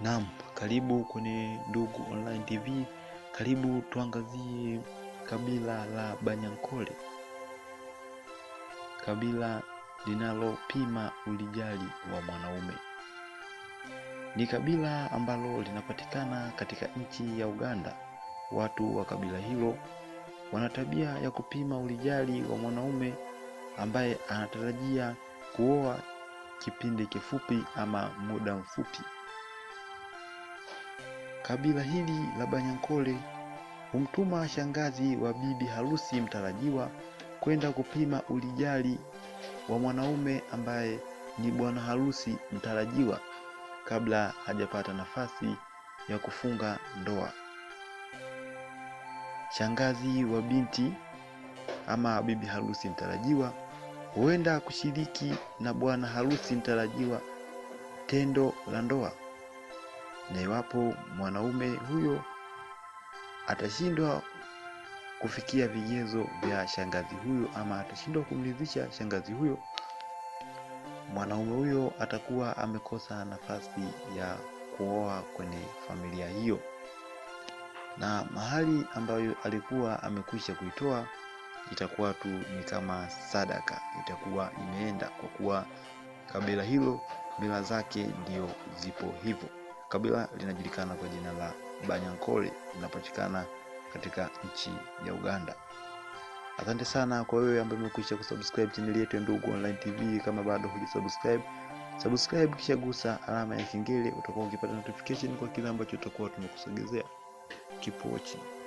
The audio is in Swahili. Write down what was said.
Naam, karibu kwenye Ndugu Online TV. Karibu tuangazie kabila la Banyankole, kabila linalopima ulijali wa mwanaume. Ni kabila ambalo linapatikana katika nchi ya Uganda. Watu wa kabila hilo wana tabia ya kupima ulijali wa mwanaume ambaye anatarajia kuoa kipindi kifupi ama muda mfupi kabila hili la Banyankole humtuma shangazi wa bibi harusi mtarajiwa kwenda kupima ulijali wa mwanaume ambaye ni bwana harusi mtarajiwa kabla hajapata nafasi ya kufunga ndoa. Shangazi wa binti ama bibi harusi mtarajiwa huenda kushiriki na bwana harusi mtarajiwa tendo la ndoa na iwapo mwanaume huyo atashindwa kufikia vigezo vya shangazi huyo ama atashindwa kumridhisha shangazi huyo, mwanaume huyo atakuwa amekosa nafasi ya kuoa kwenye familia hiyo, na mahali ambayo alikuwa amekwisha kuitoa itakuwa tu ni kama sadaka, itakuwa imeenda, kwa kuwa kabila hilo mila zake ndio zipo hivyo. Kabila linajulikana kwa jina la Banyankole, linapatikana katika nchi ya Uganda. Asante sana kwa wewe ambaye umekwisha kusubscribe chaneli yetu ya Ndugu Online TV. Kama bado hujasubscribe, subscribe kisha gusa alama ya kengele, utakuwa ukipata notification kwa kile ambacho tutakuwa tumekusogezea. Keep watching.